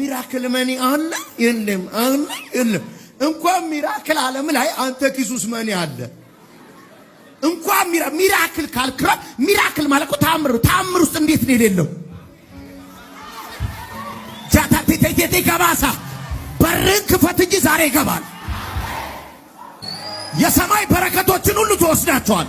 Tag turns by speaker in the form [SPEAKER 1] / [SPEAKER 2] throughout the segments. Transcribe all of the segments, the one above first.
[SPEAKER 1] ሚራክል መኒ አለ የለም፣ አለ የለም። እንኳን ሚራክል ዓለም ላይ አንተ ኪሱስ መኒ አለ። እንኳን ሚራክል ካልክራ ሚራክል ማለት እኮ ታምር፣ ታምር ውስጥ እንዴት ነው የሌለው? ጃታ ቴቴቴቴ ገባሳ በርን ክፈት እንጂ ዛሬ ይገባል። የሰማይ በረከቶችን ሁሉ ትወስዳቸዋል።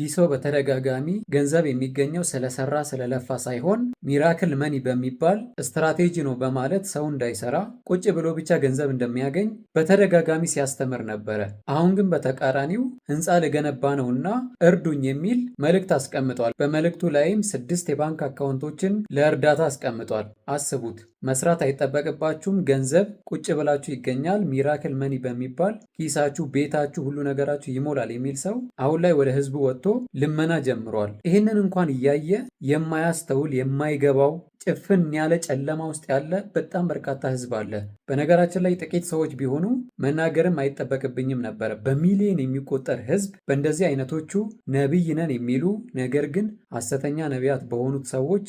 [SPEAKER 2] ይህ ሰው በተደጋጋሚ ገንዘብ የሚገኘው ስለሰራ ስለለፋ ሳይሆን ሚራክል መኒ በሚባል ስትራቴጂ ነው በማለት ሰው እንዳይሰራ ቁጭ ብሎ ብቻ ገንዘብ እንደሚያገኝ በተደጋጋሚ ሲያስተምር ነበረ። አሁን ግን በተቃራኒው ህንፃ ልገነባ ነውና እርዱኝ የሚል መልእክት አስቀምጧል። በመልእክቱ ላይም ስድስት የባንክ አካውንቶችን ለእርዳታ አስቀምጧል። አስቡት፣ መስራት አይጠበቅባችሁም፣ ገንዘብ ቁጭ ብላችሁ ይገኛል። ሚራክል መኒ በሚባል ኪሳችሁ፣ ቤታችሁ፣ ሁሉ ነገራችሁ ይሞላል የሚል ሰው አሁን ላይ ወደ ህዝቡ ወጥ ወጥቶ ልመና ጀምሯል። ይህንን እንኳን እያየ የማያስተውል የማይገባው ጭፍን ያለ ጨለማ ውስጥ ያለ በጣም በርካታ ህዝብ አለ። በነገራችን ላይ ጥቂት ሰዎች ቢሆኑ መናገርም አይጠበቅብኝም ነበር በሚሊዮን የሚቆጠር ህዝብ በእንደዚህ አይነቶቹ ነቢይ ነን የሚሉ ነገር ግን ሐሰተኛ ነቢያት በሆኑት ሰዎች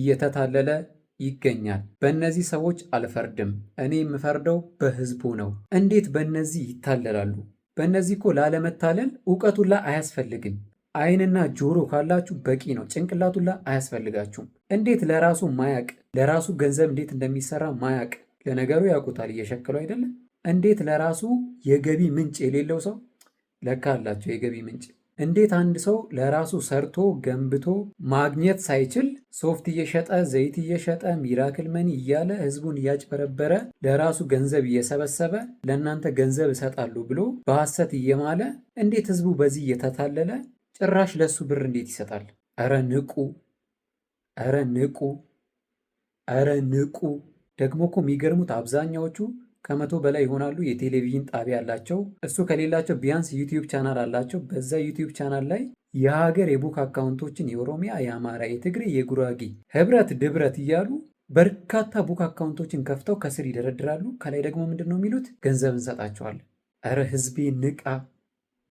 [SPEAKER 2] እየተታለለ ይገኛል። በእነዚህ ሰዎች አልፈርድም። እኔ የምፈርደው በህዝቡ ነው። እንዴት በእነዚህ ይታለላሉ? በእነዚህ እኮ ላለመታለል እውቀቱላ አያስፈልግም። አይንና ጆሮ ካላችሁ በቂ ነው። ጭንቅላቱላ አያስፈልጋችሁም። እንዴት ለራሱ ማያቅ ለራሱ ገንዘብ እንዴት እንደሚሰራ ማያቅ ለነገሩ ያውቁታል እየሸክሉ አይደለም። እንዴት ለራሱ የገቢ ምንጭ የሌለው ሰው ለካ አላቸው የገቢ ምንጭ። እንዴት አንድ ሰው ለራሱ ሰርቶ ገንብቶ ማግኘት ሳይችል ሶፍት እየሸጠ ዘይት እየሸጠ ሚራክል መኒ እያለ ህዝቡን እያጭበረበረ ለራሱ ገንዘብ እየሰበሰበ ለእናንተ ገንዘብ እሰጣሉ ብሎ በሐሰት እየማለ እንዴት ህዝቡ በዚህ እየተታለለ ጭራሽ ለሱ ብር እንዴት ይሰጣል? ኧረ ንቁ! ኧረ ንቁ! ኧረ ንቁ! ደግሞ እኮ የሚገርሙት አብዛኛዎቹ ከመቶ በላይ ይሆናሉ። የቴሌቪዥን ጣቢያ አላቸው። እሱ ከሌላቸው ቢያንስ ዩቲዩብ ቻናል አላቸው። በዛ ዩቲዩብ ቻናል ላይ የሀገር የቡክ አካውንቶችን የኦሮሚያ፣ የአማራ፣ የትግሬ፣ የጉራጌ ህብረት ድብረት እያሉ በርካታ ቡክ አካውንቶችን ከፍተው ከስር ይደረድራሉ። ከላይ ደግሞ ምንድን ነው የሚሉት? ገንዘብ እንሰጣቸዋለን። እረ ህዝቤ ንቃ!